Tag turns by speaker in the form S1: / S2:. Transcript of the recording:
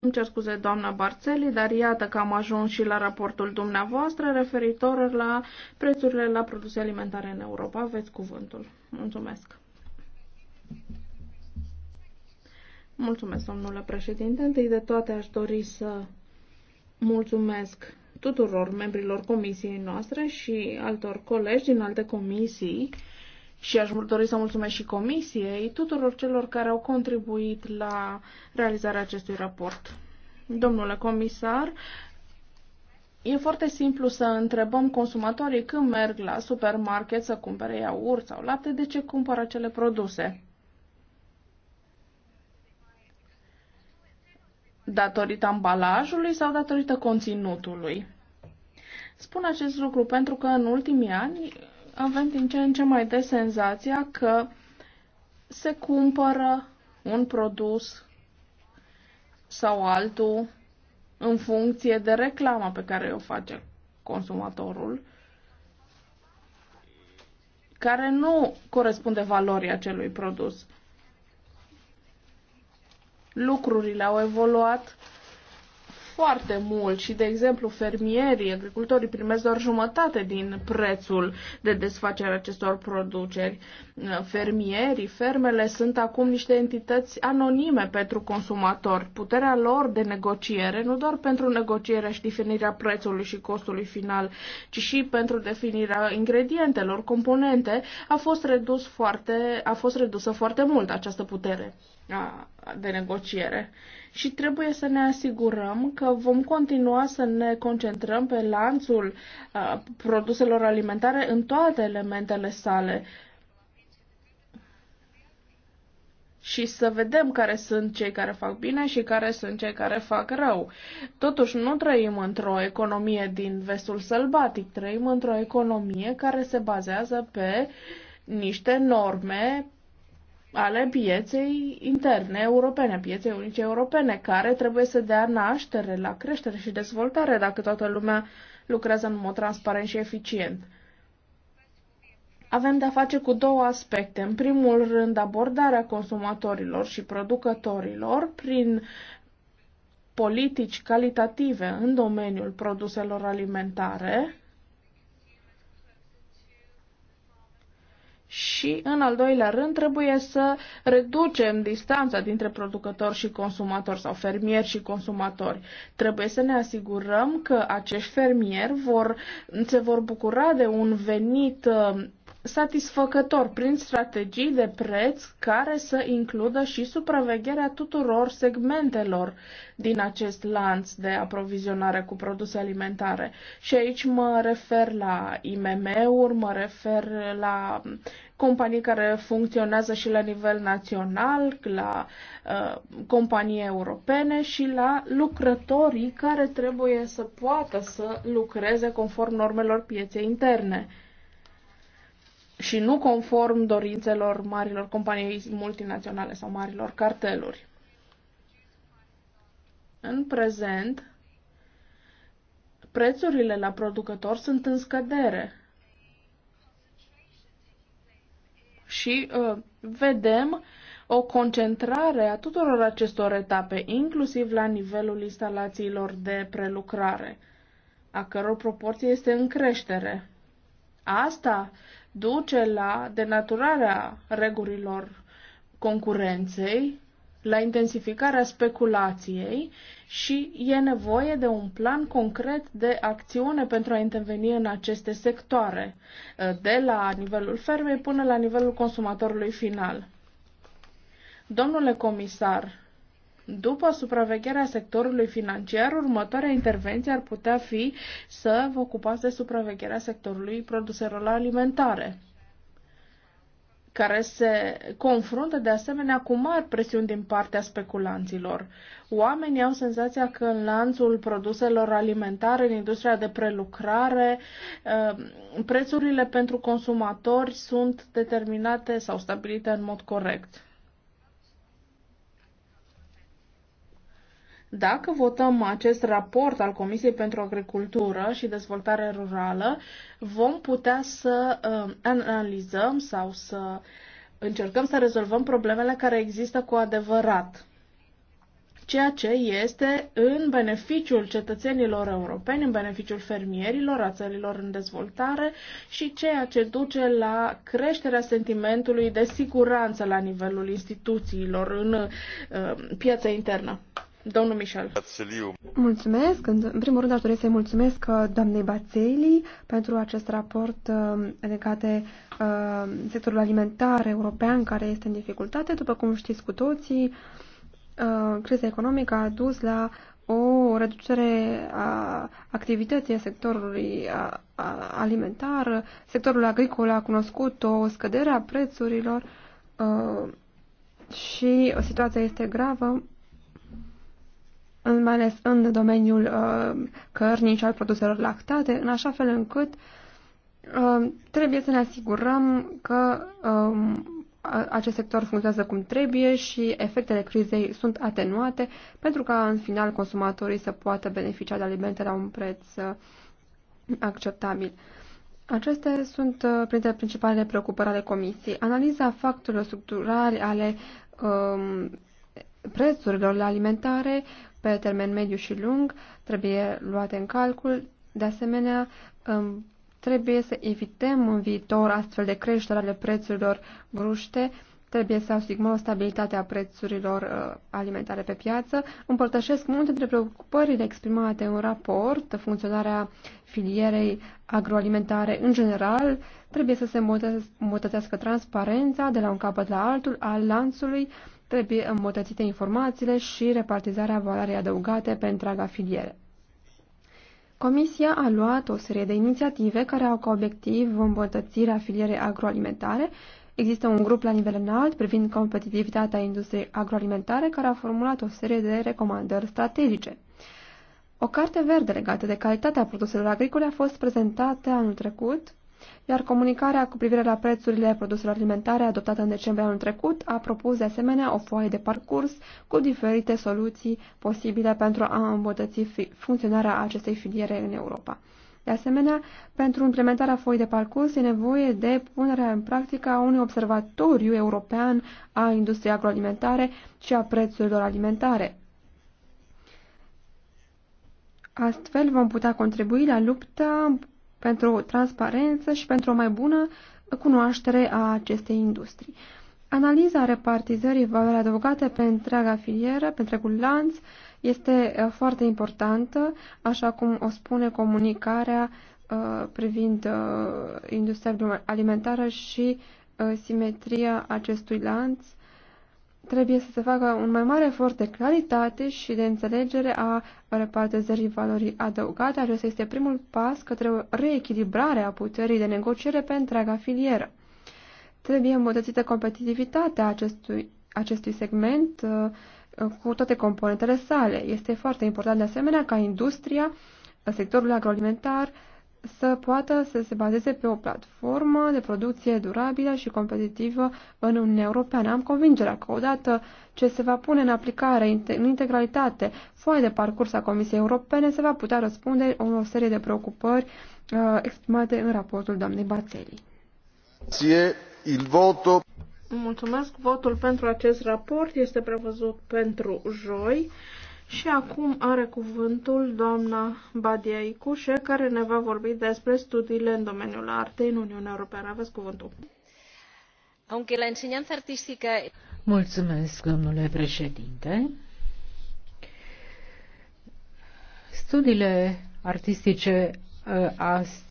S1: Îmi cer scuze, doamna Barțeli, dar iată că am ajuns și la raportul dumneavoastră referitor la prețurile la produse alimentare în Europa. Aveți cuvântul. Mulțumesc. Mulțumesc, domnule președinte. Întâi de toate aș dori să mulțumesc tuturor membrilor comisiei noastre și altor colegi din alte comisii și aș dori să mulțumesc și comisiei, tuturor celor care au contribuit la realizarea acestui raport. Domnule comisar, e foarte simplu să întrebăm consumatorii când merg la supermarket să cumpere iaurt sau lapte, de ce cumpără acele produse. Datorită ambalajului sau datorită conținutului? Spun acest lucru pentru că în ultimii ani avem din ce în ce mai des senzația că se cumpără un produs sau altul în funcție de reclama pe care o face consumatorul, care nu corespunde valorii acelui produs. Lucrurile au evoluat foarte mult și, de exemplu, fermierii, agricultorii primesc doar jumătate din prețul de desfacere acestor produceri. Fermierii, fermele sunt acum niște entități anonime pentru consumatori. Puterea lor de negociere, nu doar pentru negocierea și definirea prețului și costului final, ci și pentru definirea ingredientelor, componente, a fost, redus foarte, a fost redusă foarte mult această putere de negociere și trebuie să ne asigurăm că vom continua să ne concentrăm pe lanțul produselor alimentare în toate elementele sale și să vedem care sunt cei care fac bine și care sunt cei care fac rău. Totuși, nu trăim într-o economie din vestul sălbatic, trăim într-o economie care se bazează pe niște norme ale pieței interne europene, pieței unice europene, care trebuie să dea naștere la creștere și dezvoltare dacă toată lumea lucrează în mod transparent și eficient. Avem de-a face cu două aspecte. În primul rând, abordarea consumatorilor și producătorilor prin politici calitative în domeniul produselor alimentare, și, în al doilea rând, trebuie să reducem distanța dintre producători și consumatori sau fermieri și consumatori. Trebuie să ne asigurăm că acești fermieri vor, se vor bucura de un venit uh, satisfăcător prin strategii de preț care să includă și supravegherea tuturor segmentelor din acest lanț de aprovizionare cu produse alimentare. Și aici mă refer la IMM-uri, mă refer la companii care funcționează și la nivel național, la uh, companii europene și la lucrătorii care trebuie să poată să lucreze conform normelor pieței interne și nu conform dorințelor marilor companii multinaționale sau marilor carteluri. În prezent, prețurile la producător sunt în scădere și uh, vedem o concentrare a tuturor acestor etape, inclusiv la nivelul instalațiilor de prelucrare, a căror proporție este în creștere. Asta duce la denaturarea regulilor concurenței, la intensificarea speculației și e nevoie de un plan concret de acțiune pentru a interveni în aceste sectoare, de la nivelul fermei până la nivelul consumatorului final. Domnule comisar, după supravegherea sectorului financiar, următoarea intervenție ar putea fi să vă ocupați de supravegherea sectorului produselor alimentare care se confruntă de asemenea cu mari presiuni din partea speculanților. Oamenii au senzația că în lanțul produselor alimentare, în industria de prelucrare, uh, prețurile pentru consumatori sunt determinate sau stabilite în mod corect. Dacă votăm acest raport al Comisiei pentru Agricultură și Dezvoltare Rurală, vom putea să uh, analizăm sau să încercăm să rezolvăm problemele care există cu adevărat ceea ce este în beneficiul cetățenilor europeni, în beneficiul fermierilor, a țărilor în dezvoltare și ceea ce duce la creșterea sentimentului de siguranță la nivelul instituțiilor în uh, piața internă. Domnul Michel.
S2: Mulțumesc. În primul rând aș dori să-i mulțumesc uh, doamnei Bațeli pentru acest raport uh, legat de uh, sectorul alimentar european care este în dificultate. După cum știți cu toții, criza economică a dus la o reducere a activității sectorului alimentar. Sectorul agricol a cunoscut o scădere a prețurilor și o situație este gravă în, mai ales în domeniul uh, cărnii și al produselor lactate, în așa fel încât uh, trebuie să ne asigurăm că uh, acest sector funcționează cum trebuie și efectele crizei sunt atenuate pentru ca în final consumatorii să poată beneficia de alimente la un preț uh, acceptabil. Acestea sunt uh, printre principalele preocupări ale Comisiei. Analiza factorilor structurali ale um, prețurilor la alimentare pe termen mediu și lung trebuie luate în calcul. De asemenea, um, trebuie să evităm în viitor astfel de creștere ale prețurilor bruște, trebuie să asigurăm stabilitatea prețurilor uh, alimentare pe piață. Împărtășesc multe dintre preocupările exprimate în raport, funcționarea filierei agroalimentare în general, trebuie să se îmbunătățească transparența de la un capăt la altul al lanțului, Trebuie îmbunătățite informațiile și repartizarea valorii adăugate pe întreaga filiere. Comisia a luat o serie de inițiative care au ca obiectiv îmbunătățirea filierei agroalimentare. Există un grup la nivel înalt privind competitivitatea industriei agroalimentare care a formulat o serie de recomandări strategice. O carte verde legată de calitatea produselor agricole a fost prezentată anul trecut iar comunicarea cu privire la prețurile produselor alimentare adoptată în decembrie anul trecut a propus de asemenea o foaie de parcurs cu diferite soluții posibile pentru a îmbunătăți funcționarea acestei filiere în Europa. De asemenea, pentru implementarea foii de parcurs e nevoie de punerea în practică a unui observatoriu european a industriei agroalimentare și a prețurilor alimentare. Astfel vom putea contribui la lupta pentru transparență și pentru o mai bună cunoaștere a acestei industrii. Analiza repartizării valorii adăugate pe întreaga filieră, pe întregul lanț, este uh, foarte importantă, așa cum o spune comunicarea uh, privind uh, industria alimentară și simetria acestui lanț trebuie să se facă un mai mare efort de claritate și de înțelegere a repartezării valorii adăugate. Acesta este primul pas către reechilibrare a puterii de negociere pe întreaga filieră. Trebuie îmbunătățită competitivitatea acestui, acestui segment uh, cu toate componentele sale. Este foarte important de asemenea ca industria, sectorul agroalimentar, să poată să se bazeze pe o platformă de producție durabilă și competitivă în Uniunea Europeană. Am convingerea că odată ce se va pune în aplicare în integralitate foaia de parcurs a Comisiei Europene, se va putea răspunde o serie de preocupări uh, exprimate
S1: în raportul doamnei Bațeli. Mulțumesc. Votul pentru acest raport este prevăzut pentru joi. Și acum are cuvântul doamna Badia Icușe, care ne va vorbi despre studiile în domeniul artei în Uniunea Europeană. Aveți cuvântul. Aunque la enseñanza artística... Mulțumesc, domnule președinte.
S2: Studiile artistice ă, astăzi